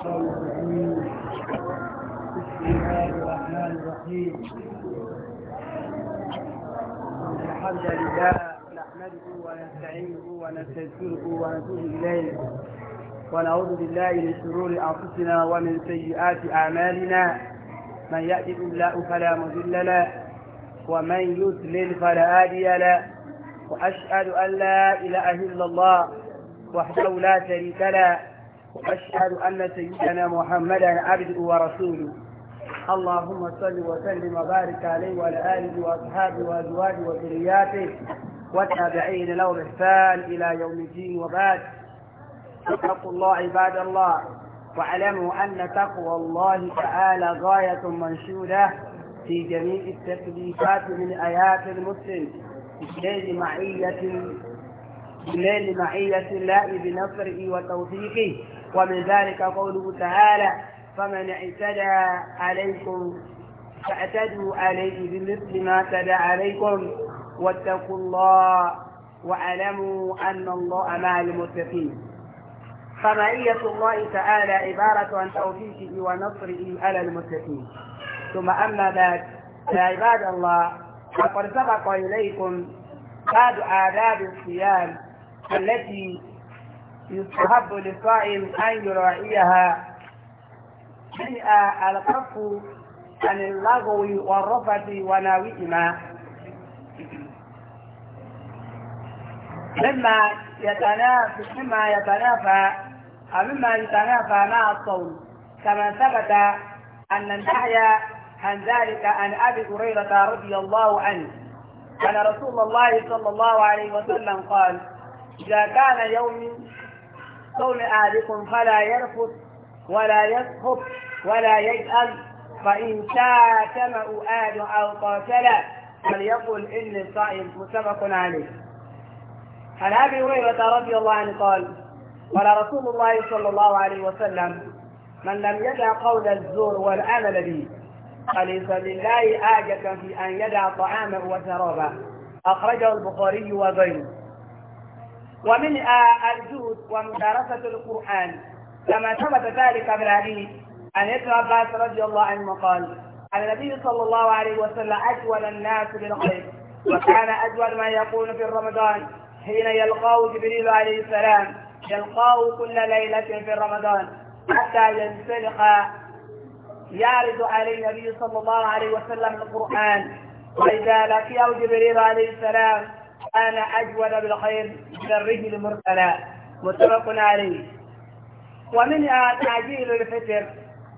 بسم الله الرحمن الرحيم الحمد لله نحمده ونستعينه ونستغفره ونتوب اليه ونعوذ بالله من شرور انفسنا ومن سيئات اعمالنا من يهده الله فلا مضل له ومن يضلل فلا هادي له واشهد ان لا اله الا الله وحده لا شريك له وأشهد أن سيدنا محمدا عبده ورسوله اللهم صل وسلم وبارك عليه وعلى آله وأصحابه وأزواجه وذرياته والتابعين له بإحسان إلى يوم الدين وبعد اتقوا الله عباد الله واعلموا أن تقوى الله تعالى غاية منشودة في جميع التكليفات من آيات المسلم بليل معية بليل معية الله بنصره وتوفيقه ومن ذلك قوله تعالى فمن اعتدى عليكم فاعتدوا عليه بمثل ما اعتدى عليكم واتقوا الله واعلموا أن الله مع المتقين فمعية الله تعالى عبارة عن توفيقه ونصره على المتقين ثم أما بعد يا عباد الله فقد سبق إليكم بعض آداب الصيام التي يستحب للصائم أن يراعيها شيء القف عن اللغو والرفث وناوئهما مما يتنافى مما يتنافى مما يتنافى مع الصوم كما ثبت أن النهي عن ذلك عن أبي هريرة رضي الله عنه أن رسول الله صلى الله عليه وسلم قال إذا كان يوم قول أهلكم فلا يرفث ولا يسخط ولا يجأل فإن شاكم آل أو قاتل فليقل إني صائم متفق عليه عن أبي هريرة رضي الله عنه قال قال رسول الله صلى الله عليه وسلم من لم يدع قول الزور والعمل به فليس لله آجة في أن يدع طعامه وشرابه أخرجه البخاري وغيره ومن آه، الجود ومدارسة القرآن كما ثبت ذلك من الحديث عن ابن عباس رضي الله عنه قال عن النبي صلى الله عليه وسلم أجود الناس بالخير وكان أجود ما يكون في رمضان حين يلقاه جبريل عليه السلام يلقاه كل ليلة في رمضان حتى ينسلخ يعرض عليه النبي صلى الله عليه وسلم القرآن وإذا لقيه جبريل عليه السلام كان أجود بالخير من الرجل مرسلا متفق عليه ومن تعجيل الفطر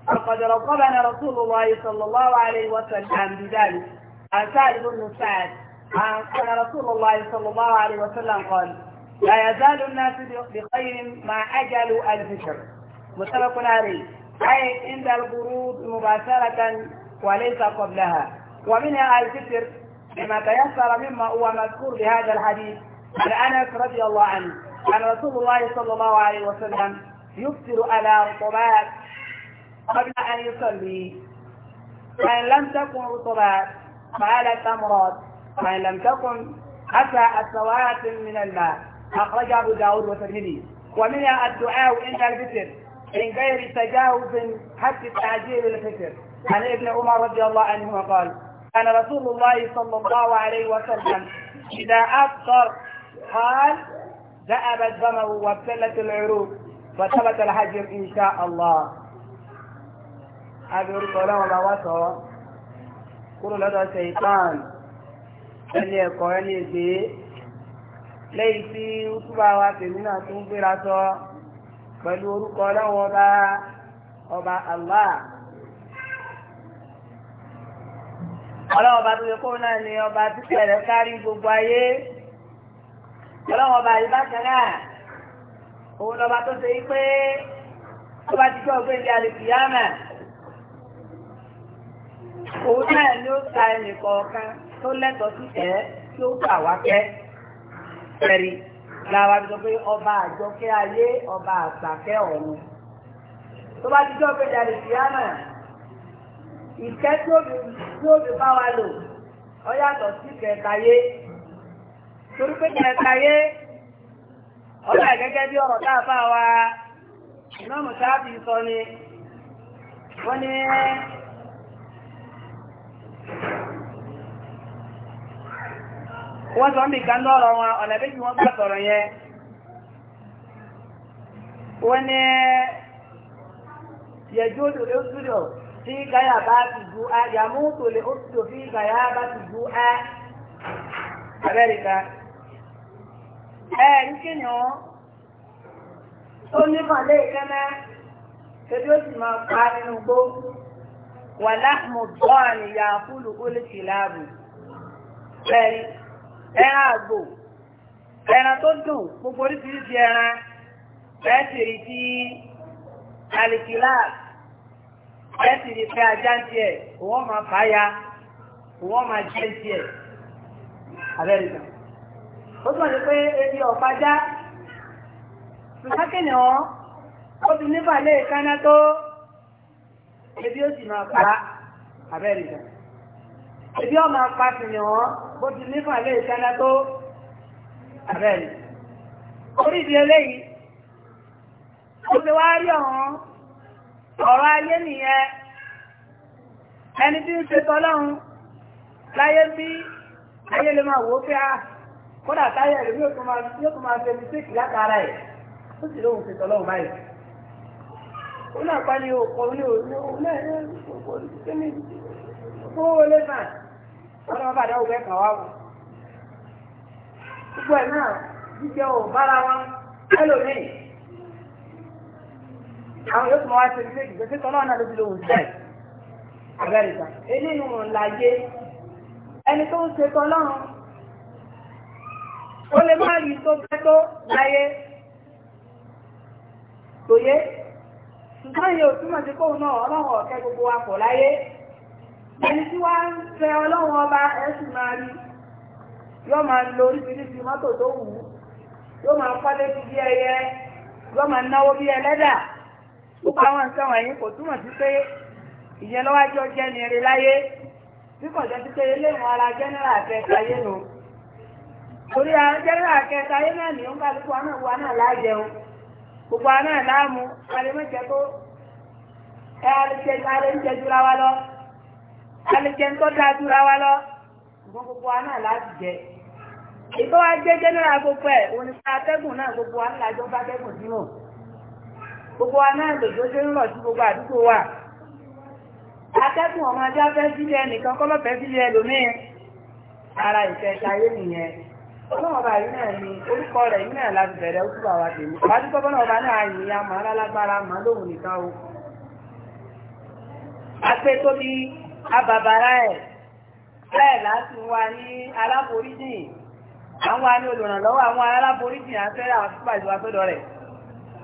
فقد رقبنا رسول الله صلى الله عليه وسلم بذلك عن سعد بن سعد عن آه، رسول الله صلى الله عليه وسلم قال لا يزال الناس بخير ما أجل الفطر متفق عليه أي عند البرود مباشرة وليس قبلها ومنها الفطر بما تيسر مما هو مذكور بهذا الحديث عن انس رضي الله عنه ان رسول الله صلى الله عليه وسلم يفطر على رطبات قبل ان يصلي فان لم تكن رطبات فعلى التمرات فان لم تكن اتى السوات من الماء اخرجه ابو داود والترمذي ومنها الدعاء عند الفطر من غير تجاوز حتى تعجيل الفطر عن ابن عمر رضي الله عنهما قال كان رسول الله صلى الله عليه وسلم إذا أفطر حال ذهب الدمع وابتلت العروق فثبت الحجر إن شاء الله أبي رسول الله وسوى kúrò lọ́dọ̀ ṣẹ̀tàn ẹni ẹ̀kọ́ ẹni èdè lẹ́yìn tí ó túbà wa tèmi náà tún gbéra sọ ọlọ́wọ́ ọba tó yẹ kó náà ni ọba tó tẹ̀lé kárí gbogbo ayé ọlọ́wọ́ ọba yìí bákan náà òun lọ́ba tó ṣe pé ó bá ti jọ́ ògbé ilé alìkìyàmà òun náà ni ó ta ẹnì kọ̀ọ̀kan tó lẹ́tọ̀ọ́ sí ẹ̀ tí ó gbà wá kẹ́ ẹ̀rí làwọn àti sọ pé ọba àjọkẹ́ ayé ọba àgbàkẹ́ ọ̀run tó bá ti jọ́ ògbé ilé alìkìyàmà. ìkẹ́ tí ó fi bá wa lò ọ yàtọ̀ sí kẹtàyé torí pé kẹtàyé ọlọ́ ẹ̀gẹ́gẹ́ bí ọ̀rọ̀ tá a bá wa ìnáàmù sáàbì sọ ni wọ́n ní wọ́n sọ ń bí ìkan lọ́rọ̀ wọn ọ̀nà bí wọ́n bá sọ̀rọ̀ yẹn wọ́n ní yẹjúdù lóṣùdù sí gáyà bá ti ju a yàmú tó lè ó tó sí gáyà bá ti ju a abẹ́rẹ́ta. ẹ ní kínyàn tó nípa lé ìkẹ́mẹ́ tẹ́bí ó sì máa pa nínú gbó wà láàmú bọ́ọ̀lù yà fúlù ó lè bẹ́ẹ̀ni ẹran àgbò ẹran tó dùn gbogbo oríṣiríṣi ẹran ẹ̀ sì rí ti alìkìláàbù ẹ̀sì ní fẹ́ ajá ń tiẹ̀ wọ́n máa fà á ya wọ́n máa jẹ́ ń tiẹ̀ abẹ́rẹ́ ìgbà. ó túmọ̀ sí pé ebi ọ̀pájá ṣùgbọ́n wọn ó ti nípa lé ìkáná tó ebi ó sì máa pa abẹ́rẹ́ ìgbà. ebi ọ̀ máa pa sí ni wọn bó ti nípa lé ìkáná tó abẹ́rẹ́ orí ìdí eléyìí ó ti wá rí ọ̀hún. ọ̀rọ̀ ayé nìyẹn ẹni tí ń ṣe tọ́lọ́run láyé bí ayé lè máa wò fẹ́ ah, kódà táyà rẹ̀ yóò tún máa ṣe mistake látara ẹ̀ ó sì lóhun ṣe tọ́lọ́run báyìí ó náà pa ní òkò ní òkò gbogbo ẹ̀ náà ò bára wọn ẹlòmíì. àwọn yóò tún wá ṣe ilé ìgbésẹ̀ kan náà ló fi lòun sẹ́ẹ̀ abẹ́rẹ́ta eléyìí wọn láyé ẹni tó ń ṣe kan lọ́rùn ó lè má rí tó bẹ́ tó láyé tòyé ṣùgbọ́n iye òtúmọ̀ sí kóun náà ọlọ́run ọ̀kẹ́ gbogbo wa pọ̀ láyé ẹni tí wàá ń fẹ́ ọlọ́run ọba ẹ̀sùn máa rí yóò máa lo oríṣiríṣi mọ́tò tó wù ú yóò máa kọ́lé bí ẹyẹ yóò máa náwó bí ẹlẹ́dàá gbogbo àwọn nǹkan wọ̀nyí kò túmọ̀ sí pé ìyẹn lọ́wájú jẹ́ ni eré láyé bí kò jẹ́ sí pé eléwọ̀n ara jẹ́nẹ́rà kẹta ayé nù. torí àwọn jẹ́nẹ́rà kẹta ayé náà ní ó ń bá gbogbo àwọn ìwà náà lájẹun gbogbo àwọn náà láàmú alẹ́mọ̀jẹ́ tó ẹ alẹ́jẹ́ jura wa lọ alẹ́jẹ́ tó dáa jura wa lọ ṣùgbọ́n gbogbo àwọn náà láti jẹ. ìbọn wa jẹ́ jẹ́nẹ́rà gbogbo ẹ̀ òun ni atẹ́gùn náà gbogbo àwọn ìlàjọ́ bá atẹ́gùn dínú gbogbo wa náà lòjó ṣe ń rọ̀ sí gbogbo àdúgbò wa atẹ́kùn ọmọ ajá fẹ́ sílẹ̀ nìkan kọ́lọ́fẹ́ sílẹ̀ lómìn ara ìfẹ́ ṣayé nìyẹn ọlọ́run ọba yìí náà ni orúkọ rẹ̀ yìí náà láti bẹ̀rẹ̀ oṣù àwa tèmi pàdúgbò bọ́lá ọba náà yìí ya mọ̀ alálágbára mọ̀ lóhùn nìkan o apé tóbi abàbàrà ẹ̀ bẹ́ẹ̀ láti wá ní aláforíjìn àwọn wa ní olùrànlọ́wọ́ àwọn aláforíjìn afẹ́rẹ́ àwọn tó bàjẹ́ wa fẹ́dọ̀ rẹ̀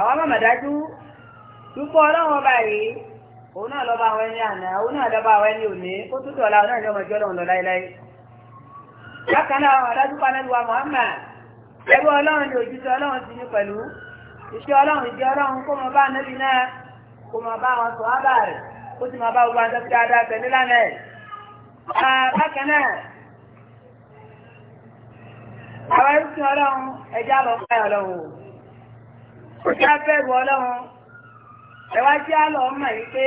àwọn mọ̀mọ̀ dájú púpọ̀ ọlọ́run ọba yìí òun náà lọ́ba àwọn ẹni àná òun náà lọ́ba àwọn ẹni òní ó tún dọ̀la òun náà ní ọmọ ìjọ lọ́run lọ láéláé. bákan náà àwọn adájú panẹ́lúwa Muhammad ẹrú ọlọ́run ni òjíṣẹ́ ọlọ́run ti ní pẹ̀lú iṣẹ́ ọlọ́run ìjẹ́ ọlọ́run kó mọ bá níbi náà kó mọ bá wọn sọ ábà rẹ̀ kó sì mọ bá gbogbo ẹja lọ fẹ́ ọlọ́run kí á bẹ̀rù ọlọ́run ẹ wá jẹ́ àlọ́ mọ̀ yìí pé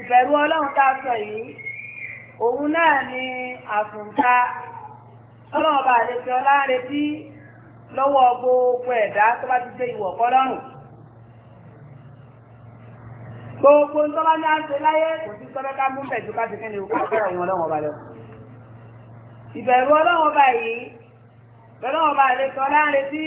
ìbẹ̀rù ọlọ́run tá a sọ yìí òun náà ni àfùntà ọlọ́run bá lè fi ọlá retí lọ́wọ́ gbogbo ẹ̀dá tó bá ti dé ìwọ̀ kọ́lọ́run gbogbo ń tọ́lá ní àṣẹ láyé kò sí tọ́lá ká mú bẹ̀jú ká ti kí ni òkú ọ̀rọ̀ ìwọ̀n ọlọ́run ọba lọ. ìbẹ̀rù ọlọ́run ọba yìí ọlọ́run ọba lè fi ọlá retí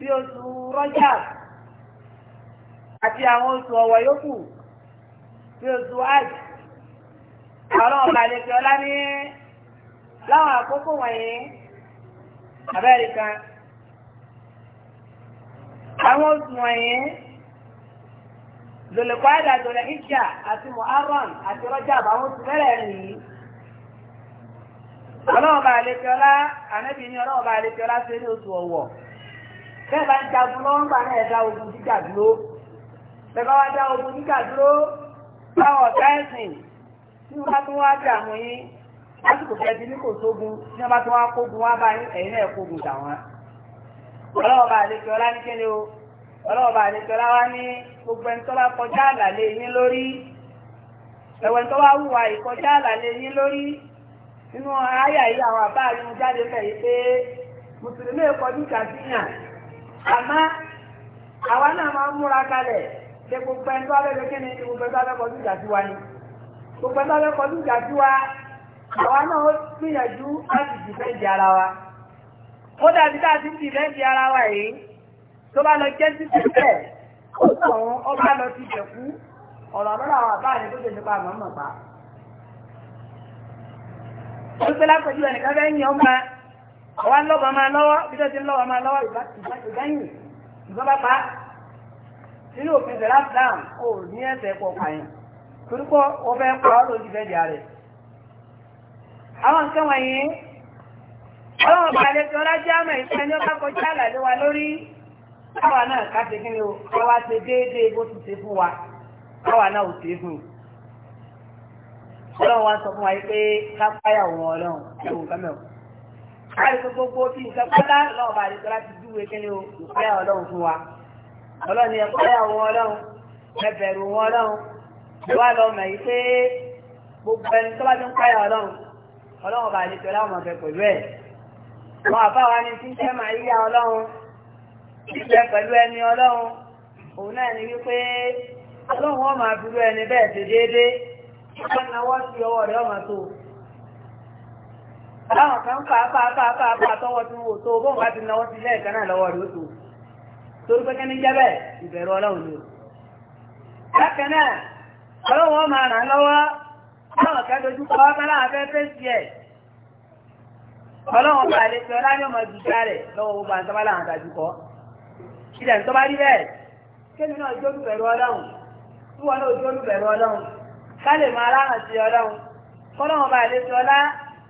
bí oṣù rojab àti àwọn oṣù ọ̀wọ̀ yòókù bí oṣù hajj àwọn ọba ọlá ní láwọn àkókò wọ̀nyí abẹ́rẹ́ àwọn oṣù wọ̀nyí dòlèkwádà dòlè ìjà àti muharram àti rọ́jà àwọn oṣù mẹ́rẹ̀ẹ̀rin yìí ọlọ́ọ̀bà àlejò ọlá ànábì ní ọlọ́ọ̀bà àlejò ọlá ṣe ní oṣù ọ̀wọ̀. bẹ́ẹ̀ bá ń jagun lọ́wọ́ ńgbà náà ẹ̀dá ogun jíjà dúró bẹ́ẹ̀ bá wá dá ogun jíjà dúró báwọn ọ̀tá ẹ̀sìn tí wọ́n bá tún wá jà mú yín lásìkò kẹ́ẹ̀dì ní kò sógun tí wọ́n bá tún wá kógun wá bá yín ẹ̀yin náà kógun dà wọ́n. ọlọ́wọ́ bá àlejò ọlá ní kéde o ọlọ́wọ́ àlejò ọlá wá ní gbogbo ẹni tó bá kọjá àlàlé yín lórí ẹ̀wẹ̀ wá hùwà àmọ́ àwa náà máa ń múra kalẹ̀ ṣe gbogbo ẹni tó abẹ́rẹ́ kí ni gbogbo ẹni tó abẹ́rẹ́ kọjú ìjà sí wa ni gbogbo ẹni tó abẹ́rẹ́ kọjú ìjà sí wa àwa náà ó gbìyànjú láti dìfẹ́ǹdì ara wa ó dàbí tá a ti ń dìfẹ́ǹdì ara wa yìí tó bá lọ jẹ́ sí tẹ́tẹ́ ó sọ̀rọ̀ ọba lọ ti jẹ̀kú ọ̀rọ̀ lọ́dọ̀ àwọn àbá rẹ̀ tó ṣe nípa àmọ́ mọ̀ pa. ó gbé lápẹ̀jú ẹnìkan fẹ́ yàn máa ọwá ń lọ́bàá máa lọ́wọ́ bí tó ti ń lọ́wọ́ máa lọ́wọ́ ìgbẹ́yìn ìjọba pa nínú òfin the last down ó ní ẹ̀sẹ̀ pọ̀ pààyàn torípọ̀ ó fẹ́ pa ọ́ lójú fẹ́ di ààrẹ àwọn nǹkan wọ̀nyí ọlọ́run balẹ̀ tí ọlá jẹ́ àmọ̀ ìfẹ́ ní ọba kọjá àlàlé wa lórí káwa náà ká kí ni o káwa ṣe déédéé bó ti ṣe fún wa káwa náà ò ṣe fún un ọlọ́run wa sọ fún wa yìí pé ká páyà ẹ̀wọ̀n kámẹ́wọ̀n àìsí gbogbo bí nǹkan pátá lọ́wọ́ bá àdìsọ́lá ti dúwe kí ni o ọlọ́run fún wa ọlọ́run yẹn àwọn ọlọ́run ẹbẹ̀rù wọn ọlọ́run wá lọ yìí pé gbogbo ẹni tó bá ti ń pẹ́ ọlọ́run ọlọ́run bá àdìsọ́lá ọmọ ọ̀fẹ́ pẹ̀lú ẹ̀ wọn àbá wa ni tí ń tẹ́ ọlọ́run ìjẹ pẹ̀lú ẹni ọlọ́run òun náà ni wípé ọlọ́run ọmọ àbúrò ẹni bẹ́ẹ̀ ṣe déédéé wọ́n náwó ọwọ́ rẹ̀ ọmọ tó báwọn kan fà fà fà fà fà tọwọ́ tí wọ́n tó bóun bá ti náwó sí rẹ̀ ni o. bákan náà ọlọ́run máa ràn lọ́wọ́ báwọn kan dojú kọ́ ọ́ kọ́lá àfẹ́ fèsì ẹ̀ ọlọ́run bá lè fi ọlá ní ọmọ jìjà rẹ̀ lọ́wọ́ gbogbo àwọn sábà láwọn àdájú kọ́. ilẹ̀ tó bá rí bẹ́ẹ̀ kémi náà jó náà jó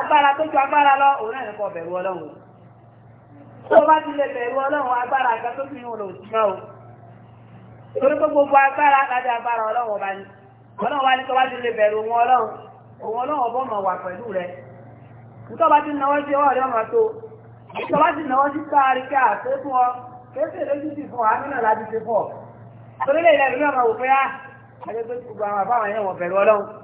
agbára tó ju agbára lọ òun náà nípa ọ̀bẹ̀rù ọlọ́run tó bá ti lè bẹ̀rù ọlọ́run agbára àgbà tó fi hàn o torí pé gbogbo agbára agbára ọlọ́run ọba ni ọlọ́run ní tó bá ti lè bẹ̀rù ọlọ́run òun ọlọ́run ọbọ̀ mọ̀ wà bá ti náwó sí ọwọ́ ọmọ tó nítorí bá ti náwó sí sáárì ká ọ lójú sí fún àmì náà torí lè ah, náà máa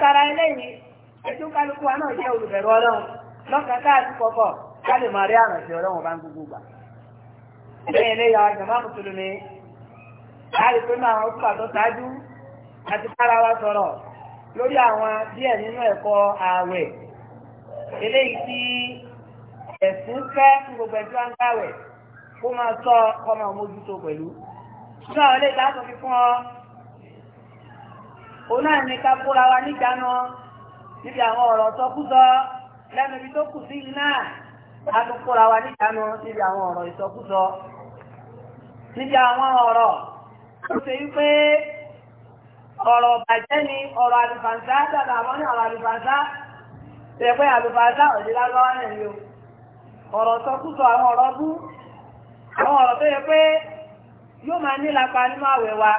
látara eléyìí ètò kálukú wa náà jẹ́ olùbẹ̀rù ọlọ́run lọ́kàn káàdì kọ̀ọ̀kọ̀ ká lè máa rí àrùn sí ọlọ́run bá ń gbogbo gbà. lẹ́yìn eléyìí àwọn jàmbá mùsùlùmí láàrín pé máa ń pàtó ṣáájú àti kára wa sọ̀rọ̀ lórí àwọn díẹ̀ nínú ẹ̀kọ́ ààwẹ̀ eléyìí tí ẹ̀sìn fẹ́ fún gbogbo ẹ̀sìn wa ń gbàwẹ̀ kó máa sọ ọmọ òun náà ní ká kóra wa níjànú níbi àwọn ọ̀rọ̀ ìsọkúsọ naa níbi àwọn ọ̀rọ̀ tó ṣe ọ̀rọ̀ bàjẹ́ ni ọ̀rọ̀ àlùfàǹsá dàbà àwọn ní ọ̀rọ̀ àlùfàǹsá tẹ̀ pé àlùfàǹsá ọ̀dẹ́ lágbáwá náà ọ̀rọ̀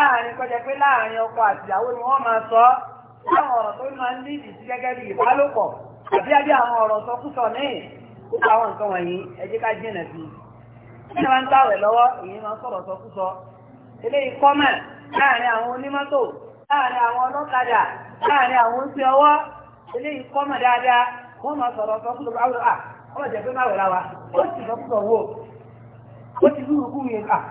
láàrin kọjẹ pé láàrin ọkọ ìyàwó ni wọ́n máa sọ láwọn ọ̀rọ̀ tó máa ń lídì sí gẹ́gẹ́ bí ìbálòpọ̀ àbí àbí àwọn ọ̀rọ̀ sọkúsọ àwọn nǹkan wọ̀nyí ká jìnà sí ní ń lọ́wọ́ èyí máa láàrin àwọn onímọ́tò láàrin àwọn ọlọ́kadà láàrin àwọn oúnjẹ ọwọ́ dáadáa wọ́n máa sọ̀rọ̀ àwọn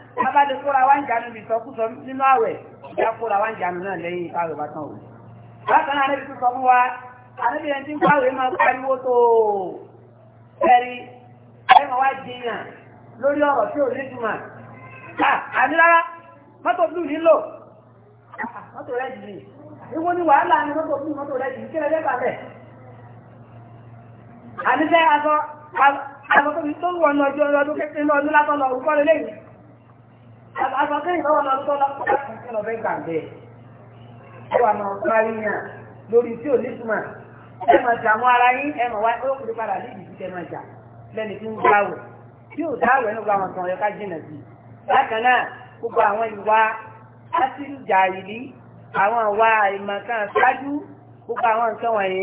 abájọ kóra wá ń jánu bí sọkúsọ nínú àwẹ̀ ìjà kóra wá ń jánu náà lẹ́yìn ìpàwẹ̀ bá tán o bákan náà níbi tó sọ fún wa àníbi ẹni tí ń pàwẹ̀ máa pariwo tó ẹ̀rí ẹ̀mọ̀ wá jiyàn lórí ọ̀rọ̀ tí ò ní jùmọ̀ àní rárá mọ́tò blue nílò mọ́tò rẹ̀ jì ìwọ ni wàhálà ni mọ́tò blue àníṣẹ́ aṣọ aṣọ tó wọ̀ ní ọjọ́ ọdún kékeré lọ́dún látọ̀ lọ òkú kọ́ lélẹ́yìn àgbàgbé ìnáwó máa tọ́ lápá kí lọ fẹ́ gbà bẹ́ẹ̀. ẹ wà máa parí yàn lórí tí ò ní túmọ̀ ẹ máa jà mọ́ ara yín ẹ máa wá ó kúrò padà ní ìdí tẹ máa jà lẹ́ni tí ń gbáwẹ̀ tí ò dáwẹ̀ ní gbogbo àwọn kan ọ̀yọ́ ká jìnà sí i. bákan náà gbogbo àwọn ìwà ásìlù jàìlì àwọn ìwà ìmọ̀kan ṣáájú gbogbo àwọn nǹkan wọ̀nyí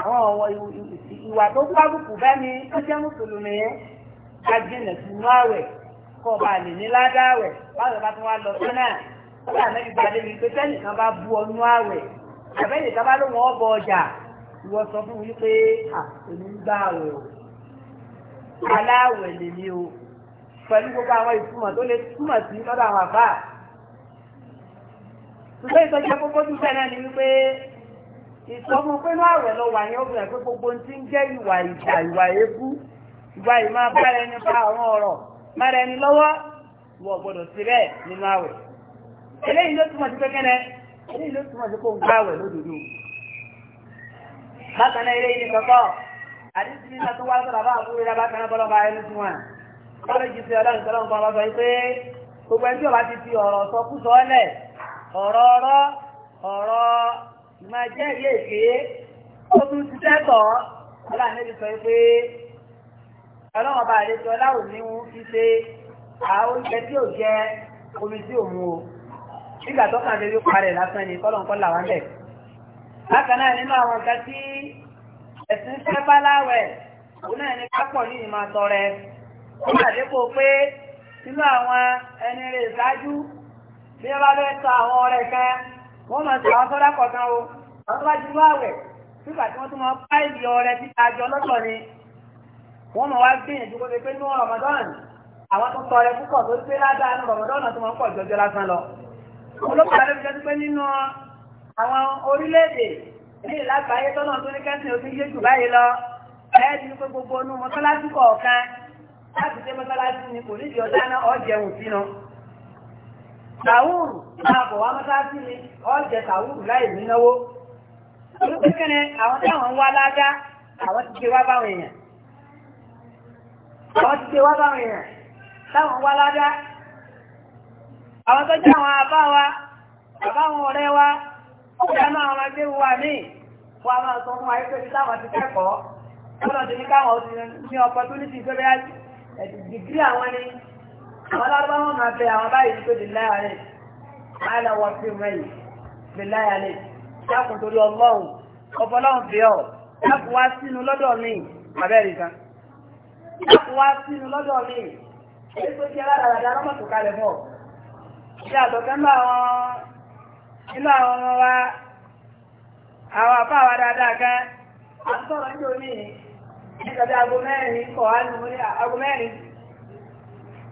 àwọn ọ̀wọ́ ìwà tó gbábùkù bá mi tó jẹ́ mùsùlùmí ajínlẹ̀ sínú àwẹ̀ kọ́ bá lè ní ládáwẹ̀ báwo bá tún wá lọ sí náà ó dà mẹ́rin gba lé mi pé sẹ́nìkan bá bu ọnú àwẹ̀ àbẹ́nìkan bá lóun ọ̀bọ ọjà ìwọ sọ fún mi pé èmi ń gbá àwẹ̀ o aláwẹ̀ lè mi o pẹ̀lú gbogbo àwọn ìtumọ̀ tó lè túmọ̀ sí lọ́dọ̀ àwọn àbá ṣùgbọ́n ìtọ́jú ẹ̀kọ́ kó ìsọmọ pé náà rẹ̀ lọ wà pé gbogbo ń jẹ́ ìwà ìjà ìwà ìwà ẹni àwọn ọ̀rọ̀ lọ́wọ́ sí nínú àwẹ̀ eléyìí ló túmọ̀ sí eléyìí ló túmọ̀ sí ń gbá àwẹ̀ lódodo bákan náà eléyìí wá sọ̀rọ̀ bá àbúrò bákan náà bọ́lọ́ba ẹni máa jẹ́ ìyé ìgbé ó tún ti tẹ́tọ̀ ọlá níbi sọ pé ọlọ́wọ́n bá àlejò ọláwò ní wọn fi ṣe àwọn oúnjẹ tí ò jẹ omi tí ò mu o nígbà tó kàn lórí parẹ̀ lásán ni kọ́lọ̀ǹkọ́ làwọn bẹ̀. bákan náà nínú àwọn nǹkan tí ẹ̀sìn fẹ́ bá láwẹ̀ òun náà ní kápọ̀ ní ìmọ̀ àtọrẹ ó mà dépò pé nínú àwọn ẹni rè ṣáájú bí wọ́n bá fẹ́ sọ àwọn ọ̀rẹ́ kan wọ́n máa tẹ̀ àwọn sọ́dá kọ̀ọ̀kan o àwọn tó bá ti wá àwẹ̀ nígbà tí wọ́n tún máa pa ìlì ọrẹ títa àjọ lọ́tọ̀ ni wọ́n máa wá gbìyànjú kó lè pé ní Ramadan àwọn tó tọrẹ púpọ̀ tó gbé ládàá ní Ramadan tó máa ń pọ̀ jọjọ lásán lọ. olókùnrin àti ìjọba pé nínú àwọn orílẹ̀-èdè ní ìlàgbáyé tọ́nà tó ní kẹ́sìn òfin yé jù báyìí lọ ẹ̀ẹ́dì ní pé gbogbo onú mọ́sálásí kọ̀ọ̀kan láti dé mọ́sálásí ni kò nídìí ọjà náà ọ̀jẹun sínú. tàwùrù máa wá mọ́sáàtì ni ó tàwùrù láì nínáwó olùkókèrè àwọn táwọn ń wá àwọn ti gbé wá báwọn èèyàn àwọn ti gbé wá báwọn èèyàn táwọn ń wá àwọn tó jẹ́ wa àbá àwọn ọ̀rẹ́ wa ó wa míì a máa sọ fún táwọn ti kẹ́kọ̀ọ́ wọ́n ní káwọn ti àwọn máa bẹ àwọn báyìí ní pé lè láyà rẹ̀ àìlà fi rẹ̀ lè torí ọlọ́run ọ̀pọ̀lọ́run fi ọ̀ dákùn wá sínú lọ́dọ̀ mi wá sínú lọ́dọ̀ mi èyí tó tó kalẹ̀ ṣe àtọ̀kẹ́ àwọn ọmọ wa àwọn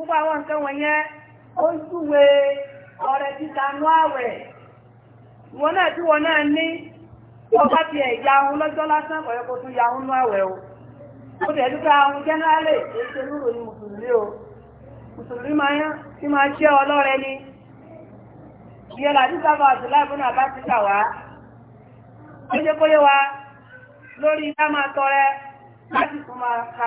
gbogbo àwọn nǹkan wọ̀nyẹn ó júwe ọrẹ títa nú àwẹ̀ wọn náà tí wọn náà ní ọba ti ya ohun lọ́jọ́ lásán ya ohun nú àwẹ̀ o ó tẹ̀ dúpẹ́ ohun jẹ́nẹ́rálẹ̀ èyí ṣe lúrò ní mùsùlùmí o mùsùlùmí máa yán tí máa ni ìyẹn làdí sábà ti wá wa lórí ká máa tọrẹ láti tún máa ka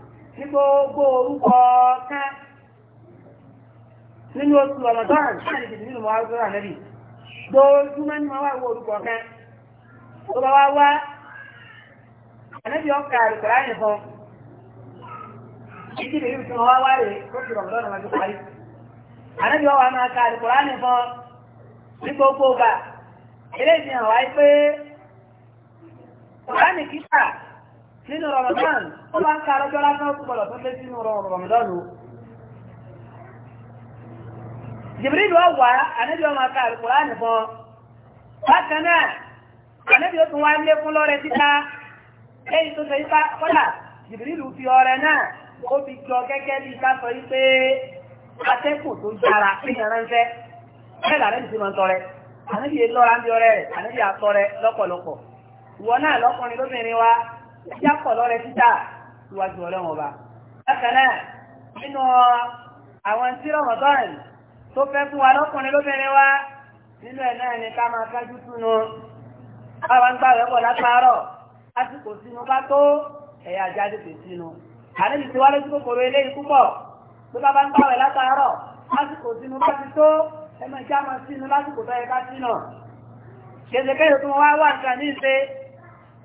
ní gbogbo orúkọ ká nínú oṣù ọ̀lọ́dọ́rùn láti ìdí nínú wọ́n rọ́rọ̀ lẹ́bí ọkà àrùkọ̀ láyé fún ìdí tí wọ́n wá wá rèé tó fi rọ̀mọ́dọ́rùn parí àlẹ́bí ọwà máa ka nínú Ramadan ó bá ń ka lọ́jọ́ lásán ó gbọ́dọ̀ tó lé sínú Ramadan o. Jibril wá wà ànábi ọmọ aka àlùkùrá nìkan bákan náà ànábi ó tún wá lé fún lọ́rẹ́ títa lẹ́yìn tó sọ yípa kọ́là Jibril fi ọrẹ náà ó fi jọ gẹ́gẹ́ bí ká sọ yí pé atẹ́kùn tó yára pé yàrá ń fẹ́ bẹ́ẹ̀ làrẹ́ nìkan máa ń tọrẹ ànábi lọ́ra ń bí ọrẹ rẹ̀ ànábi àtọrẹ lọ́pọ̀lọpọ̀ ìwọ náà lọ́kùnrin lóbìnrin wa ìjà pọ̀ lọ́rẹ́ títà ìwájú ọlọ́run ọba. bákan náà nínú àwọn tí rọmọdọ́rin tó fẹ́ fún wa lọ́kùnrin lóbìnrin wa nínú ẹ̀ náà ni ká máa kájú túnú báwa ń gbàwẹ̀ bọ̀ látàárọ̀ lásìkò sínú bá tó ẹ̀yà jáde pè sínú. àlejò tí wá lójú kòkòrò eléyìí púpọ̀ tó bá bá ń gbàwẹ̀ látàárọ̀ lásìkò sínú bá ti tó ẹmọ ìjà máa sínú lásìkò tó yẹ ká sínú. kèsèkèsè tó wá wà nǹkan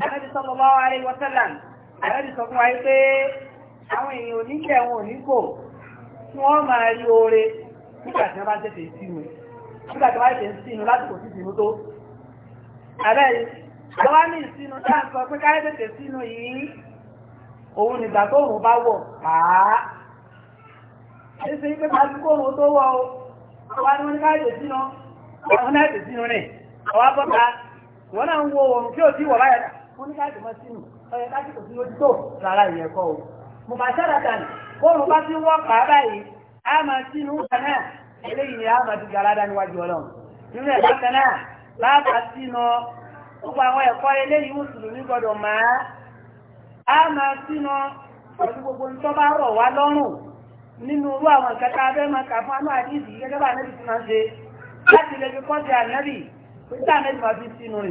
Ànábì sallallahu alaihi wa sallam Ànábì sọ fún wa pé àwọn èèyàn oníṣẹ́ wọn ní kò tí wọ́n máa rí oore nígbà sínú nígbà bá tètè sínú láti sí sínú tó. Àbẹ́rẹ́ ìjọba ní ìsínú tá sọ pé káyé tètè sínú yìí òun nígbà tó òun bá wọ̀ pàá wọ́n ní káàkiri mọ́ sínú ọ̀yẹ́ káàkiri kò sí lójú tó rárá ìyẹn kọ́ o. mo bá sára dànù fóònù bá ti wọ́n kà á báyìí á máa sínú ìgbà náà eléyìí ni á máa ti gàrá dání wájú ọlọ́run. nínú ẹ̀ bákan náà láàbà sínú gbogbo àwọn ẹ̀kọ́ eléyìí mùsùlùmí gbọ́dọ̀ máa á máa sínú ọdún gbogbo ń tọ́ bá rọ̀ wá lọ́rùn nínú orú àwọn ìkẹta abẹ́ máa kà fún anú àdìsí gẹ́gẹ́ bá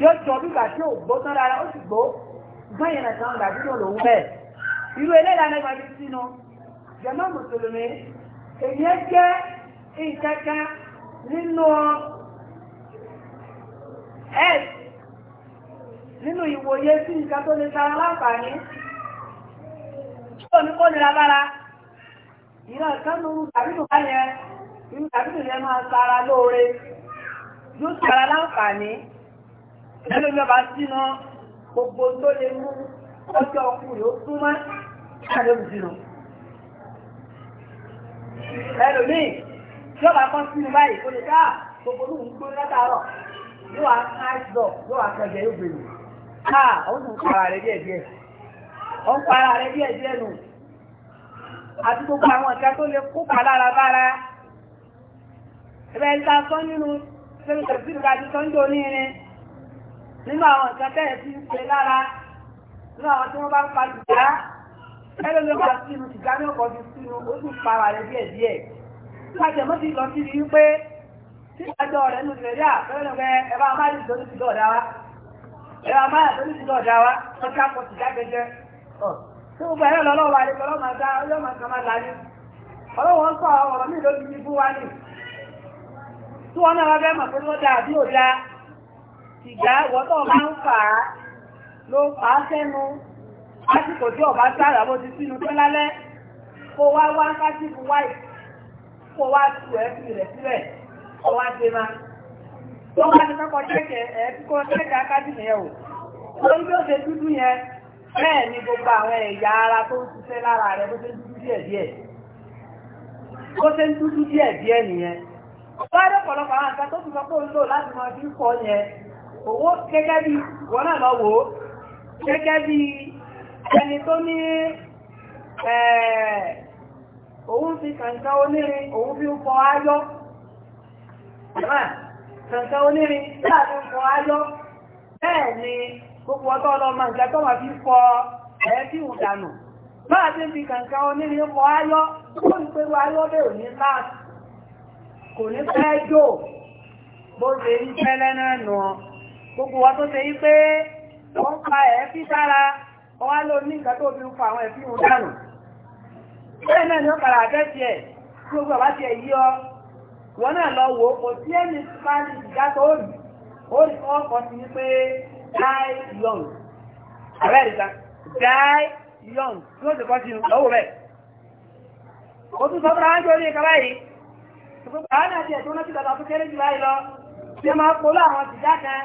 yóò jọ bí gbà tí ò gbó tán rárá ó sì gbó gbọ́n yẹn nìkan ọ̀dà dídùn lòún bẹ̀. irú eléyìí alẹ́ máa ti sínú jàmá mùsùlùmí èyí jẹ́ ìkẹ́kẹ́ nínú ẹ̀d nínú ìwòye sí nǹkan tó lè sara láǹfààní tó ní kó nira lára ìran ìkánú tàbídùn báyẹn irú tàbídùn yẹn máa sara lóore yóò sara láǹfààní lẹ́nu ìjọba sínú gbogbo tó lè mú ọjọ́ ọkùnrin ó súnmọ́ àdéhùn sínú. ẹlòmíì ìjọba kan sínú báyìí kò lè ká gbogbo ní òun látàárọ̀ yóò wá ice yóò wá kẹjẹ yóò gbèrú. ká òun tún para rẹ díẹ̀ díẹ̀ òun para rẹ díẹ̀ díẹ̀ nù àti gbogbo àwọn ìka tó lè kópa lára bára ẹ̀rẹ́ ìta sọ nínú sẹ́mi tẹ̀síìlú ká ti sọ ń irin. nínú àwọn nǹkan tí ń ṣe lára nínú àwọn tí wọ́n bá ń pa sìgá ẹlò ló bá sínú sìgá ní ọkọ̀ ti sínú ó sì pa rẹ̀ díẹ̀ díẹ̀ mọ́ ti lọ sí ibi pé tí ìdájọ́ rẹ̀ nù fẹ́rẹ̀ pé ẹ bá wa ẹ bá wa pọ̀ gbogbo ẹ̀rọ lọ́wọ́ wa máa dá máa máa láyé ọlọ́wọ́ ń sọ ọ̀rọ̀ lóbi ní fún wa sìgá wọ́tọ̀ máa ń fà á ló fà á sẹ́nu lásìkò tí ọba sára bó ti sínú pé lálẹ́ kó wá wá kásìkò wáì kó wá tu ẹ̀fì rẹ̀ sílẹ̀ kó wá dé ma tó wá ní kọ́kọ́ jẹ́kẹ̀ ẹ̀fì kó jẹ́kẹ̀ akásìkò yẹn o lórí bí ó ṣe dúdú yẹn bẹ́ẹ̀ ni gbogbo àwọn ẹ̀yà ara tó ń ṣiṣẹ́ lára rẹ̀ bó ṣe dúdú díẹ̀díẹ̀ bó ṣe ń dúdú díẹ̀díẹ̀ nìyẹn wọ́n á dé pọ̀lọpọ̀ àwọn àgbà owó gẹ́gẹ́ bí wọ́n náà lọ wò ó gẹ́gẹ́ bí ẹni tó ní òun fi kàǹkà onírin òun fi ń fọ ayọ́ kàǹkà onírin láàrin fọ ayọ́ bẹ́ẹ̀ ni gbogbo ọtọ́ ọlọ́mọ nǹkan tó wà fi fọ ẹ̀ẹ́fì ìdànù máa ti fi kàǹkà onírin fọ ayọ́ ó ń pẹ̀lú ayọ́ bẹ́ẹ̀ ò ní láàkù kò ní fẹ́ jò bó ṣe ń fẹ́lẹ́ náà gbogbo wa tó yí pé wọ́n pa ẹ̀ẹ́fí sára wọ́n wá nǹkan tó ń fa àwọn ẹ̀fí wọn náà ni ó ọ wọ́n náà lọ wò ó tó ó rí kọ́ ọkọ̀ sí pé die young ìta die young tí ó ti kọ́ sí lọ́wọ́ rẹ̀ ó tún sọ báyìí àwọn àti náà ti dàgbà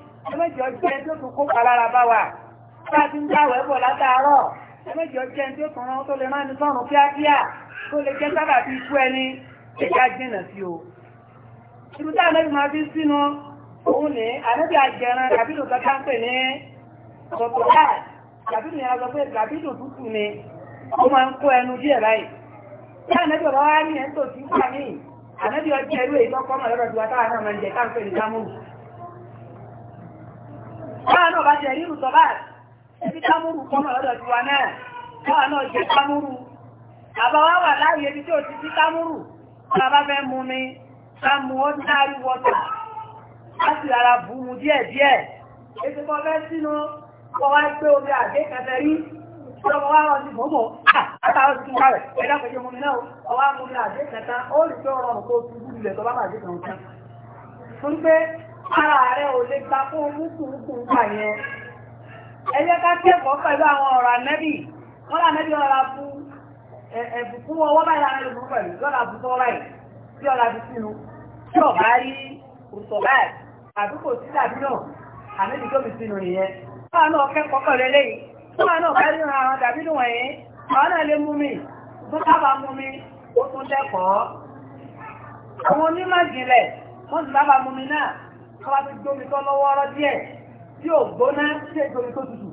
ẹmẹ́jọ jẹ́ tó tún kó palára bá wa bá ti ń dáwẹ̀ bọ̀ látàárọ̀ ẹmẹ́jọ jẹ́ tó tún rán tó lè máa ní sọ́run kíákíá tó lè jẹ́ sábà fi ikú ẹni ẹ̀yà jìnà sí o irú tá àmẹ́bí máa fi sínú òun ní àmẹ́bí àjẹran gàbídùn tó ká ń pè ní tọ̀tọ̀ láì gàbídùn yẹn lọ pé gàbídùn tútù ni ó máa ń kó ẹnu díẹ̀ báyìí tí àmẹ́bí ọ̀rọ̀ wá ní ẹ̀ ń tò sí wà ní àmẹ́bí ọjọ́ ẹrú èyí tó kọ́ mọ̀ lọ́dọ̀ tiwa táwa náà Báwa náà bá jẹ rírù tọ́bá ẹbí támúrù kọ́nà lọ́dọ̀ tiwa náà. Báwa náà jẹ támúrù. Bàbá wa wà láàyè ibi tí ò ti sí támúrù. Bàbá fẹ́ mu ni ká mu ordinary water. Á sì rárá bù mu díẹ̀díẹ̀. Ètò kan fẹ́ sínú kọ́ wá gbé omi àgbé kẹfẹ́ rí. Ọlọ́mọ wa rọ̀ sí mọ́mọ́. Àtàwọn ti tún kárẹ̀. Ẹ̀dá kò jẹ mu ni náà. Ọwá mu ni kẹta. Ó rí pé ọrọ̀ kó tún ilẹ̀ tó bá bàjẹ́ kan Fún pé ara rẹ̀ ò lè gba fún olúkúlùkù nípa yẹn ẹ jẹ́ ká kẹ́kọ̀ọ́ pẹ̀lú àwọn ọ̀rọ̀ anẹ́bì wọ́n là anẹ́bì ọ̀rọ̀ abu ẹ̀bùkún ọwọ́ báyìí lára ẹ̀bùkún pẹ̀lú lọ́la àbùkún ọ̀rọ̀ yìí tí ọ̀la fi sínú tí ọ̀bá rí òsọ̀ báyìí àbí kò sí tàbí náà anẹ́bì tó fi sínú nìyẹn wọ́n náà kẹ́kọ̀ọ́ pẹ̀lú eléyìí wọ́n náà bá rí àwọn tàbí nù wọ̀nyí àwọn náà lè mú mi tó sábà mú mi ó tún lẹ́kọ̀ọ́ àwọn onímọ̀ ìjìnlẹ̀ wọ́n ti sábà mú mi náà káwá ti gbómi tó lọ́wọ́ ọ̀rọ̀ díẹ̀ tí ò gbóná sí ègbómi tó tutù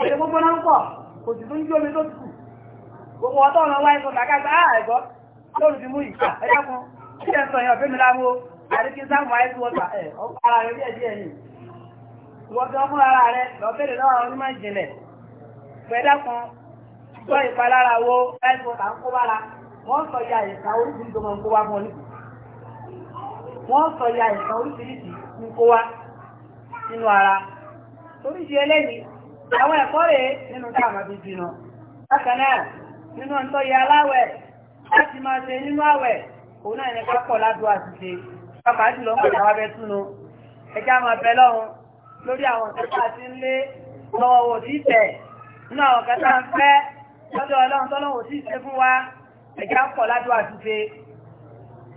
èyí gbogbo náà ń pọ̀ kò sì tún gbómi tó tutù gbogbo ọ̀tọ̀ ọ̀nà wáyé kan làkàgbà àìgbọ́ ah, lórí ti mú ìgbà ah, ẹ̀yà kan kí ẹ̀ sọ èèyàn fẹ́mi láwo àríkí sáàmù àìsí wọ́ta ẹ̀ ọkọ̀ ara rẹ̀ díẹ̀ díẹ̀ ni wọ́n tó fún ara rẹ̀ lọ́bẹ̀rẹ̀ lọ́wọ́ àwọn onímọ̀ ìjìnlẹ̀ pẹ̀lá kan gbọ́ ìpalára wo láìsí wọ́ta ń kó bára wọ́n sọ ya ìka oríṣiríṣi tó máa ń kó wá fún ọ nípò wọ́n sọ ya ìsan oríṣiríṣi ń kó wá nínú ara oríṣi ẹlẹ́ni àwọn ẹ̀kọ́ rèé nínú táàmà bí jìnà bákan náà nínú ọ̀ntọ́ ya aláwẹ̀ láti máa ṣe nínú àwẹ̀ òun náà ní kápọ̀ ládùn àṣìṣe pápá jùlọ ń pè àwọn abẹ túnú ẹjá máa bẹ lọ́run lórí àwọn ìṣẹ́ta tí ń lé lọ́wọ́ wò sí ìtẹ̀ nínú àwọn kẹta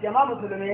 jẹ̀mọ́ mùsùlùmí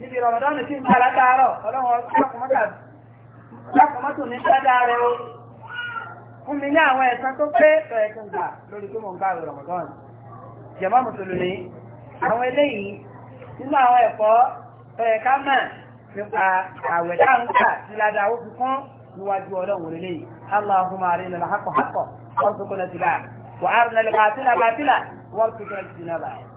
níbi rọ̀mọ̀dọ́nù tí ń bá látàárọ̀ ọlọ́run lákòmọ́tò ní dáadáa rẹ o fún mi ní àwọn ẹ̀san tó pé ẹ̀sùn gbà lórí pé mo ń bá rẹ rọ̀mọ̀dọ́nù jẹ̀mọ́ mùsùlùmí àwọn eléyìí nínú àwọn ẹ̀kọ́ ọ̀rẹ́ ká mọ̀ nípa àwẹ̀ dáńkà tí ládàá ó fi kún níwájú ọlọ́run orílẹ̀ aláhùnmá àrínà àkọ̀hákọ̀ wọ́n tó kọ́nà tìlà wà á rìnà lè bàtìlà bàtìlà wọ́n tó kọ́nà tìlà báyìí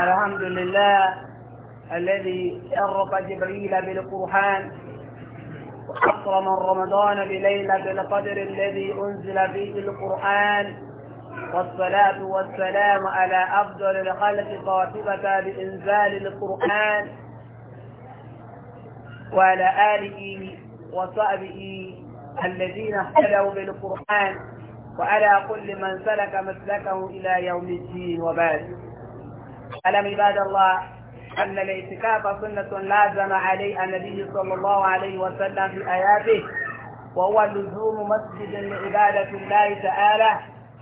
الحمد لله الذي أرق جبريل بالقرآن وأكرم رمضان بليلة القدر الذي أنزل فيه القرآن والصلاة والسلام على أفضل الخلق قاطبة بإنزال القرآن وعلى آله وصحبه الذين اهتدوا بالقرآن وعلى كل من سلك مسلكه إلى يوم الدين وبعد ألم عباد الله أن الاعتكاف سنة لازم علي النبي صلى الله عليه وسلم في آياته وهو لزوم مسجد لعبادة الله تعالى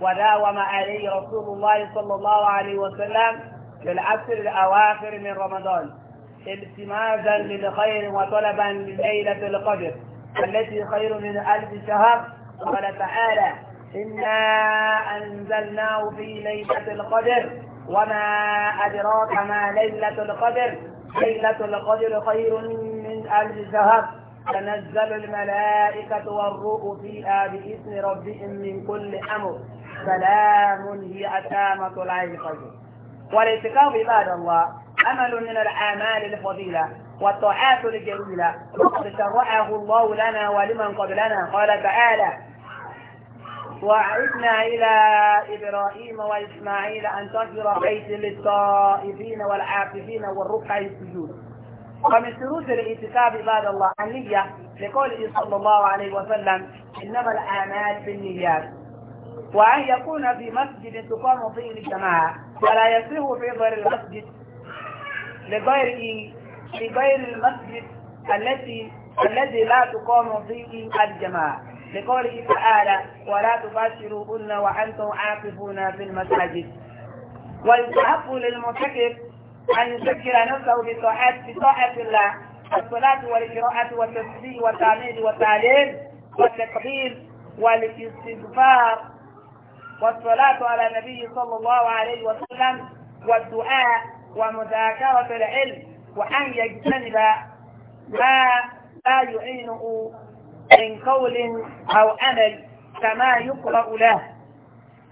وداوم عليه رسول الله صلى الله عليه وسلم في العشر الأواخر من رمضان التماسا للخير وطلبا لليلة القدر التي خير من ألف شهر قال تعالى إنا أنزلناه في ليلة القدر وما أدراك ما ليلة القدر ليلة القدر خير من ألف شهر تنزل الملائكة والروح فيها بإذن ربهم من كل أمر سلام هي أتامة العين خير والاعتكاف عباد الله عمل من الأعمال الفضيلة والطاعات الجليلة وقد شرعه الله لنا ولمن قبلنا قال تعالى وعدنا إلى إبراهيم وإسماعيل أن تجر بيت للطائفين والعاكفين والركع السجود ومن شروط الاعتكاف عباد الله النية لقوله صلى الله عليه وسلم إنما الأعمال بالنيات وأن يكون في مسجد تقام فيه الجماعة فلا يصح في ظهر المسجد لغير إيه؟ لغير المسجد التي الذي لا تقام فيه الجماعة لقوله تعالى ولا تباشروهن وأنتم عاقفون في المساجد ويستحق للمعتكف أن يذكر نفسه بطاعة بطاعة الله الصلاة والقراءة والتسبيح والتعليم والتعليم والتقبيل والاستغفار والصلاة على النبي صلى الله عليه وسلم والدعاء ومذاكرة العلم وأن يجتنب ما لا يعينه من قول أو أمل كما يقرأ له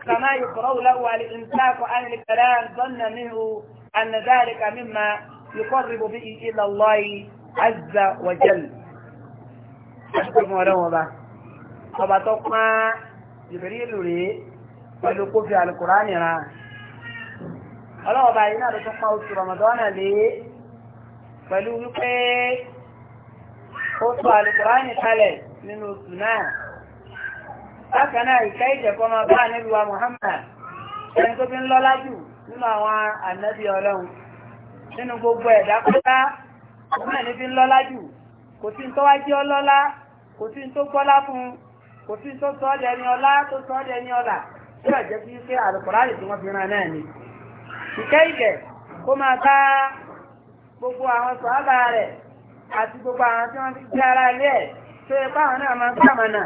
كما يقرأ له الإمساك عن الكلام ظن منه أن ذلك مما يقرب به إلى الله عز وجل أشكر مرحبا ọba tó pán ìbírí ìlú rèé pẹ̀lú ọlọ́wọ́ báyìí náà ló pa oṣù rọmọdọ́nà lé pẹ̀lú wípé ó sọ àlùkùránì kalẹ̀ nínú oṣù náà bákan ìkẹ́ ìjẹ̀kọ́ máa bá ànábì Muhammad ẹni tó fi ń lọ́lá jù nínú àwọn ọlọ́run nínú gbogbo ẹ̀dá pátá ń lọ́lá jù kò sí tó ọlọ́lá kò sí tó gbọ́lá fún ìkẹ́ ìkẹ́ kó máa bá gbogbo àwọn sọ̀hábà rẹ̀ àti gbogbo àwọn tí wọ́n ti gbé ara ilé ẹ̀ tó yẹ báwọn náà máa gbà mọ̀nà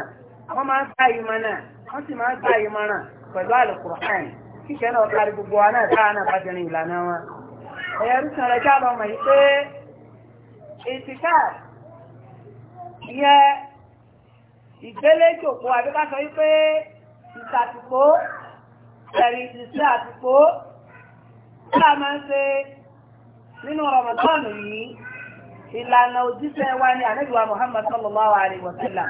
wọ́n máa gbà ìmọ̀nà wọ́n sì máa gbà ìmọ̀ràn pẹ̀lú àlùkùrán kíkẹ́ náà kárí gbogbo wa náà dáa náà bá jẹrin ìlànà wọn. ẹ̀yẹ rúṣin rẹ̀ já lọ mọ̀ yìí pé ìtìká yẹ ìgbélé Ṣá máa ń ṣe nínú Rọ̀mọ̀tọ́ọ̀nù yìí, ìlànà òjíṣẹ́ wa ni ànábìwá Muhammad sallallahu alaihi wa sallam.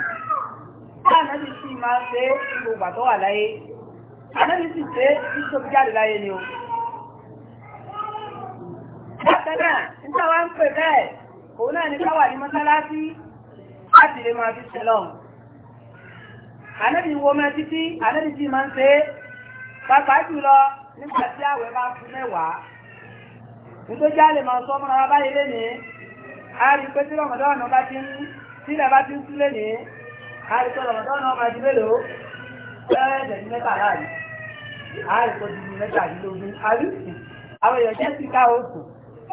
Ṣáàná ti sì máa ṣe gbogbo ìgbà tó wà láyé. Ànábì sì ṣe ìṣòbí jáde láyé ni o. Bákan náà, nígbà ń pè bẹ́ẹ̀, òun náà ni káwà ní mọ́sálásí láti lè máa fi ṣẹlọ̀. Ànábì wo mẹ́ títí, ànábì sì máa ń ṣe pàápàá jùlọ nígbà tí àwẹ̀ bá fún mẹ́wàá nítorí àlè máa sọ ọmọdé báyìí lẹ́ni a rí pé tí ọmọdé ọ̀nà bá ti ń sílẹ̀ bá ti ń sílẹ̀ ní a rí pé ọmọdé ọ̀nà máa ti mélòó bẹ́ẹ̀ dẹ̀ ní mẹ́ta láàrin a rí pé ti di mẹ́tàdínlógún a rí sùn àwọn èèyàn jẹ́ sí ká oṣù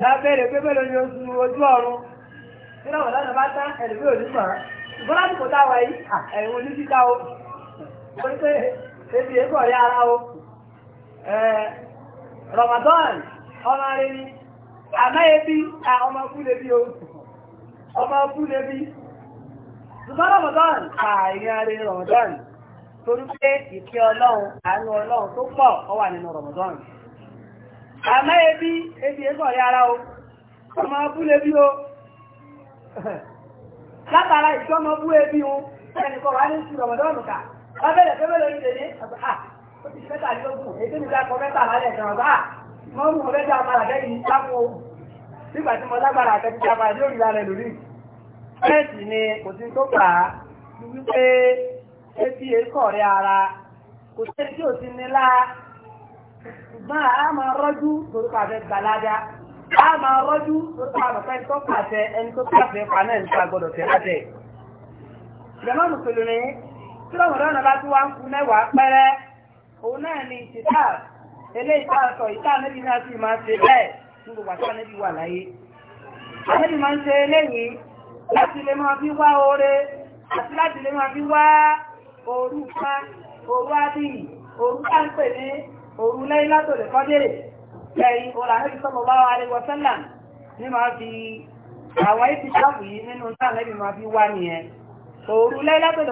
lábẹ́rẹ̀ pé mélòó ni oṣù ojú ọ̀run tí ọmọdé ọ̀nà bá tán ẹ̀lùmí Ramadan ọmọ rẹ̀ ni àmá ebi ọmọ fúlé bí o ọmọ fúlé bí ṣùgbọ́n Ramadan Ramadan Ọlọ́run àánú Ọlọ́run tó pọ̀ ọ nínú Ramadan ebi ebi ẹgbọ̀n yára o ọmọ fúlé bí o látara ìṣọ́mọ fú ebi o ẹnìkan wà ní ṣù Ramadan ká mẹ́ta tí ó kù ètò ìgbà kan mẹ́ta lálẹ́ ìtàn bá wọ́n mú ọ̀rẹ́ dá padà lẹ́yìn ní sáfù nígbà tí mo lágbára àtẹ́tí ti apá yóò rí ara lórí. fẹ́ẹ̀sì ni kò sí tó kà á ju wípé ebi èkọ́ rẹ̀ ara kò sí tí ò ti ní láa ṣùgbọ́n a máa rọ́jú lórúkọ àfẹ́ gbàlájá a máa rọ́jú lórúkọ àfẹ́ tó pàṣẹ ẹni tó pàṣẹ panẹ́ nípa gbọ́dọ̀ tẹ̀ lájẹ̀. ìjọba mùsùlùmí tí lọ́mọdé ọ̀nà bá tún wá òun náà ni ìtìtà eléyìí tá sọ ìtà náà sì máa ṣe bẹ́ẹ̀ ní gbogbo àti àníbi wà láyé àníbi máa ń ṣe eléyìí láti lè máa fi wá oore àti láti fi wá òru òru òru òru lẹ́yìn látòlè lẹ́yìn ọ̀là bá ní máa fi àwọn yìí nínú fi wá nìyẹn òru lẹ́yìn látòlè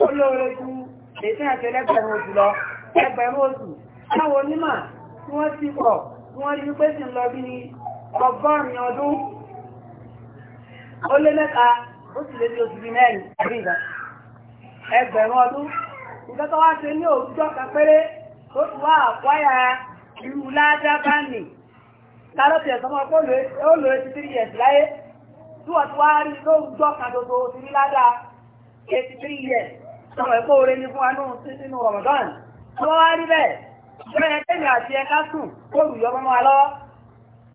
ó ju ètò àti ẹlẹ́gbẹ̀rún oṣù lọ ẹgbẹ̀rún oṣù táwọn onímọ̀ tí wọ́n ti pọ̀ tí wọ́n rí pé sì lọ bí ọgọ́rin ọdún ó lé mẹ́ta ó sì lé ní oṣù bíi mẹ́rin àbí ìgbà ẹgbẹ̀rún ọdún nǹkan tó wá ṣe ní òwúrọ̀ kan péré tó ti wá àkwáyà irú ládá bá nì kárọ̀tì ẹ̀sán mọ́ pé ó lò eighty three years láyé tí wọ́n ti wá rí lóòjọ́ kan tó tó ti rí ládá eighty three years sọ̀rọ̀ ẹ̀kọ́ oore ní fún anú nínú Ramadan tó wá rí bẹ́ẹ̀ ìjọba yẹn tẹ̀lé àti ẹ̀ka sùn kó wa lọ.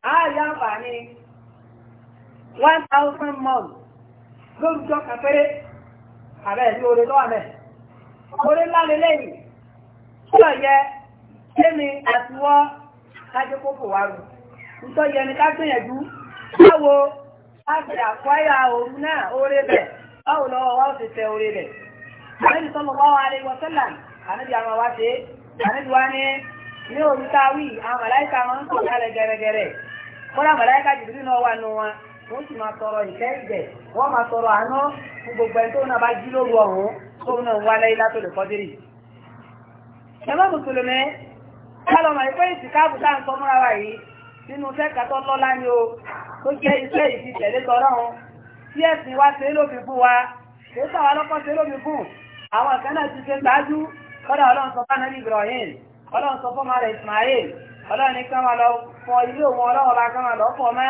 a àǹfààní one thousand months lórúkọ kan péré àbẹ̀ ẹ̀sìn lọ́wọ́ mẹ́. oore ńlá lélẹ́yìn tí yẹ kémi àtiwọ́ kájọ́kókò wa rù nítorí yẹn ni ká báwo a àkọ́yà òun náà báwo lọ́wọ́ ànábì sallallahu alaihi wa sallam ànábì àwọn wa ṣe ànábì wa ní ní òru táwí àwọn màláìka wọn ń sọ kálẹ̀ gẹ́rẹ́gẹ́rẹ́ kódà màláìka jìbìrì náà wọn wọ́n sì máa tọrọ ìfẹ́ ìgbẹ̀ wọ́n máa tọrọ gbogbo en to náà bá jí lóru ọ̀hún tó náà wá àwọn àkánà ti ṣe gbájú kọ́dà ọlọ́run sọ fún ànábì mara Ismail ọlọ́run ní kán máa lọ fọ ilé òun ọlọ́run ọba kán máa lọ fọ ọmọ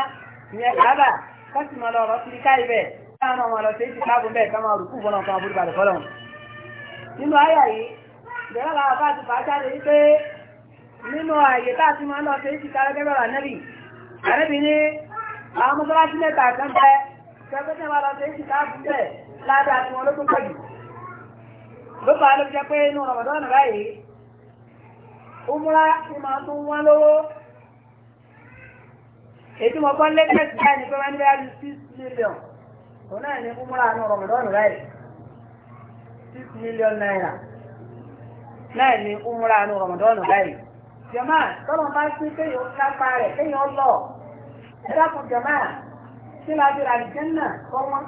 ìyẹn kábà kọ́sì máa lọ ọ̀rọ̀ kiri káyì bẹ́ẹ̀ káwọn ọmọ lọ sí ti káàbù bẹ́ẹ̀ ká máa rùkú fọlọ́n kan àbúrò balẹ̀ fọlọ́n. nínú a ló bá ló jẹ́ pé inú Ramadan báyìí umra ti máa tún wọ́n lówó ètò mọ̀ kọ́ lẹ́gbẹ̀ẹ́ ti báyìí ní pé wọ́n ní báyìí six million òun náà ní umra inú Ramadan báyìí 6 million naira náà ní umra inú Ramadan báyìí jọ̀mọ́ tọ́lọ̀ bá sí kéèyàn lápá rẹ̀ kéèyàn lọ ẹ dákun jọ̀mọ́ kí la fi ràdìjẹ́ náà kọ́ wọ́n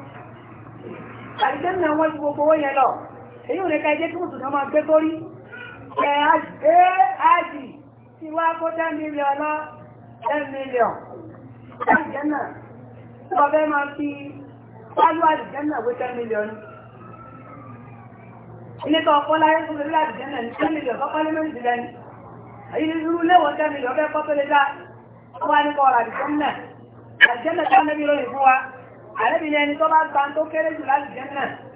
ràdìjẹ́ náà wọ́n ju gbogbo owó yẹn lọ èyí ò lè ka ẹjẹ́ tí wọ́n tún kàn máa gbé kórí ẹ̀ ẹ́ àjì tí wá kó ten million lọ ten million àjẹ́ náà tí wọ́n fẹ́ máa fi pálú àjẹ́ náà wé ten million ilé tó ọkọ́ láyé fún orí àjẹ́ náà ní ten million kọ́kọ́ lé méjì lẹ́nu èyí ni irú léwọ̀ ten million fẹ́ kọ́ tó lé dá wọ́n wá ní kọ́ ọ̀rọ̀ àjẹ́ náà àjẹ́ náà jù láti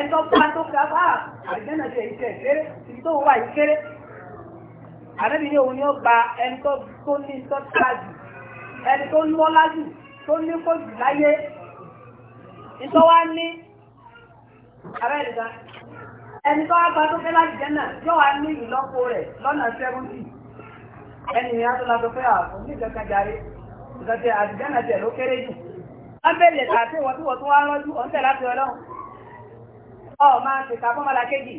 ẹjọ́ bá tó ga bá àdìjẹ́nà jẹ́ iṣẹ́ ìkéré ibi tó wà ìkéré àdẹ́bí ní òun ni ó gba ẹni tó ní sọ́tà jù ẹni tó lọ́lá jù tó ní kò jù láyé ìtọ́ wá ní ààrẹ ìdá ẹni tó wá gba tó fẹ́ láti jẹ́ náà yóò wá ní ìlọ́po rẹ̀ lọ́nà sẹ́wọ́ntì ẹni ìyá tó lọ́tọ́ pé àwọn oníkankan jàre ìtọ́tẹ àdìjẹ́nà jẹ́ ló kéré jù wọ́n bẹ̀rẹ̀ tàbí wọ́n tí wọ́n tó wá rọ́jú ọ̀ńtẹ̀ ọ máa ṣèkà fún ọmọlàkejì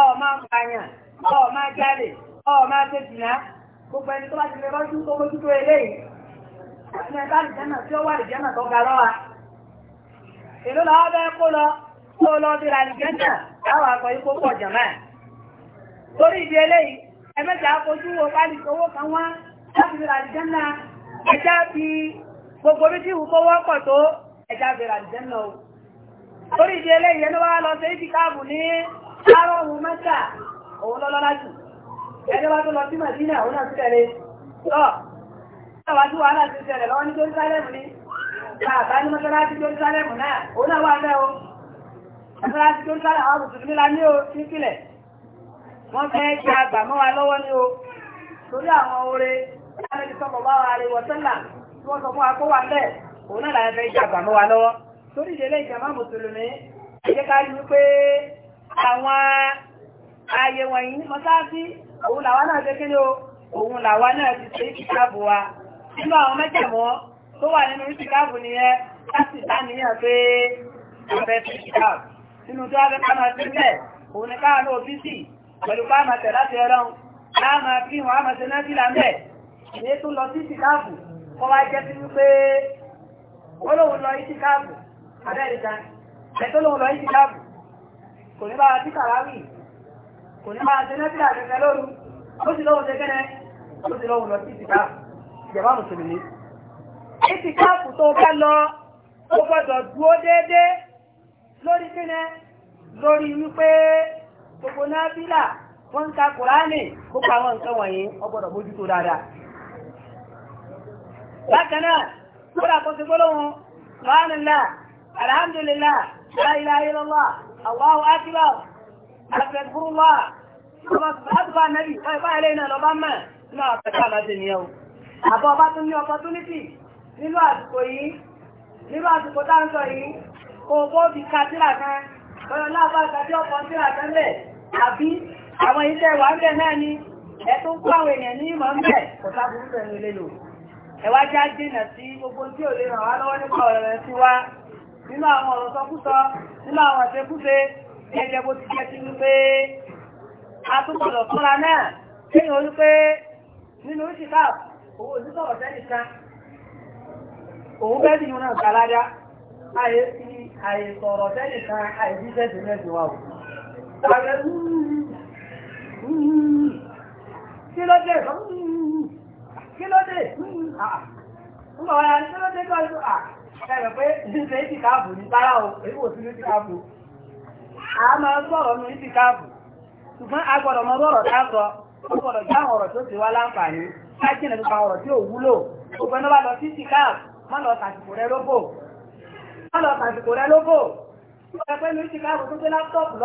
ọ máa ń pààyàn ọ máa jalè ọ máa ṣe jìnnà gbogbo ẹni tó bá ti lè rọ́jú tó mójú tó eléyìí àti ẹ̀ka àlìjẹ́nà tí ó wà àlìjẹ́nà tó ga lọ́wọ́ èló làwọn bẹ́ẹ̀ kó lọ tó lọ bí ra àlìjẹ́nà láwọn akọ ikú pọ̀ jàmá torí ìdí eléyìí ẹ̀mẹ́ta fojú wo pálí owó kan wá láti bí ra àlìjẹ́nà ẹ̀já fi gbogbo orí tí ìwú kówó tó ẹ̀já bí ra àlìjẹ́nà torí ìdí eléyìí ẹni wá lọ sí ibi káàbù ní árọ̀hún mẹ́ta òun lọ́lọ́ lájú ẹni wá tó lọ sí màdínà òun náà tẹ̀lé lọ síwájú wàhálà ti ṣẹlẹ̀ lọ́wọ́ ní Jerúsálẹ́mù ní bàbá ní mọ́sálásí Jerúsálẹ́mù náà òun náà wà ń bẹ́ o torí ìdílé ìjàmá mùsùlùmí ẹjẹ́ ká rí wípé àwọn ààyè wọ̀nyí ní mọ́sáàfí òun làwa náà ṣe kílò òun làwa náà ti ṣe ìkìtàbù wa nínú àwọn mẹ́jẹ̀mọ́ tó wà nínú ìkìtàbù nìyẹn láti sáníyàn pé abẹ́ fi ìkìtàbù nínú tó wá fẹ́ ká máa sílẹ̀ òun ni káà láti ẹran láàmà kí wọn á lọ sí àbẹ́ẹ̀ríkà ẹ̀tọ́ lòun lọ ìsì dáàbò kò ní bá ti kàráwì kò ní bá ti nẹ́fìlà kẹfẹ́ lóru ó sì lóhun ṣẹkẹ́rẹ́ ó sì lóhun lọ sí ìsì dáàbò ìjọba mùsùlùmí ìsì káàpù tó bá lọ ó gbọ́dọ̀ dúó déédéé lórí kíni lórí wípé gbogbo náfìlà wọ́n ń ka kùránì gbogbo àwọn nǹkan wọ̀nyí ó gbọ́dọ̀ bójútó dáadáa bákan náà kó الحمد لله لا إله إلا الله الله أكبر أستغفر الله أدفع النبي طيب علينا لبما لا تكامة اليوم أبابات من opportunity nínú àsìkò yìí nínú àsìkò dáńtọ̀ gbogbo tí ò nínú àwọn ọ̀rọ̀ sọkúsọ nínú àwọn àṣekúṣe ẹ̀jẹ̀ bó ti jẹ́ ti wípé atúbọ̀dọ̀ fúnra náà kéèyàn orí pé nínú ìṣìká hmm, hmm, hmm, ah, ah. owó kí ló dé kí ló dé kí ló dé kí ló ẹ̀rọ pé ṣe ti káàbù ní tàrà ò èyí wò sí ní ti káàbù a máa sọ̀rọ̀ ní ti káàbù ṣùgbọ́n a gbọ́dọ̀ mọ bọ́rọ̀ tá sọ ó gbọ́dọ̀ já àwọn ọ̀rọ̀ tó ti wá láǹfààní ká jìnà nípa ọ̀rọ̀ tí ò wúlò gbogbo ẹni bá lọ sí ti káàbù má lọ tàsìkò rẹ lóbò má lọ tàsìkò rẹ lóbò ẹgbẹ́ ní ti káàbù tó gbé láptọ̀pù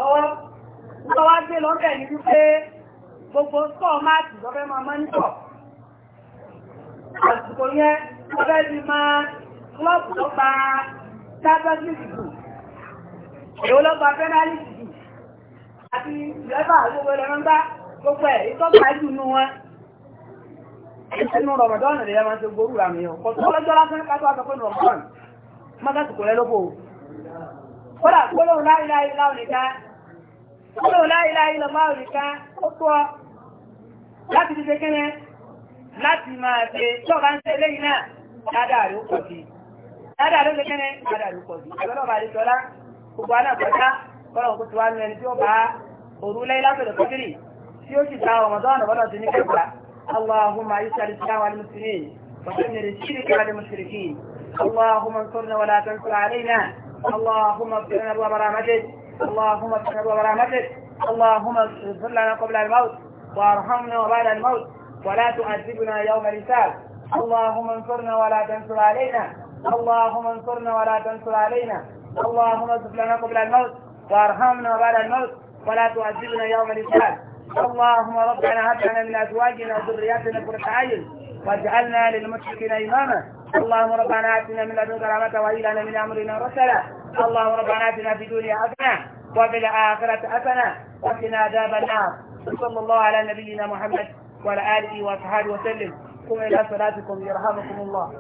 klọ́ọ̀bù ló gba champions league jù èwo ló gba penalty jù àti ìrẹ́fà gbogbo ẹ̀rọ ń gbá gbogbo ẹ̀ ìtọ́gbà jù nù wọn ẹnu rọmọdán rẹ̀ yẹ máa ṣe gbórú ra mi ọ̀ kọ̀tún ọlọ́jọ́ lásán kátó wá sọ pé rọmọdán mọ́tàtù kò lẹ́lọ́bọ̀ o kódà gbólóhùn láìláì láwọn nìkan gbólóhùn láìláì lọ́wọ́ nìkan ó tó ọ láti ti ṣe kẹ́rẹ́ láti máa ṣe tọ́ba ń ṣe eléyìí náà dáadáa rẹ̀ ó pọ̀ sí i. Dada ló ṣe kẹ́nẹ́, dada ló pọ̀ jù. Àgbẹ̀lọ́ bá Adéṣọlá, gbogbo àná kọjá, kọ́lọ̀ kó ti wá nínú ẹni tí ó bá òru lẹ́yìn lásìkò kọ́kiri tí ó sì ta ọmọdọ́nà bọ́dọ̀ ti ní kẹgbà. اللهم عيش الإسلام والمسلمين وتنر الشرك والمشركين اللهم انصرنا ولا تنصر علينا اللهم اغفرنا وبرامتك اللهم اغفرنا وبرامتك اللهم اغفر لنا قبل الموت وارحمنا وبعد الموت ولا تعذبنا يوم الحساب اللهم انصرنا ولا تنصر علينا اللهم انصرنا ولا تنصر علينا اللهم اصرف لنا قبل الموت وارحمنا بعد الموت ولا تعذبنا يوم الاسلام اللهم ربنا هب لنا من ازواجنا وذرياتنا قرة عين واجعلنا للمشركين اماما اللهم ربنا اتنا من لدن كرامه وهب من امرنا رسلا اللهم ربنا اتنا في الدنيا حسنة وفي الاخرة حسنة وقنا عذاب النار صلى الله على نبينا محمد وعلى اله وصحبه وسلم قم الى صلاتكم يرحمكم الله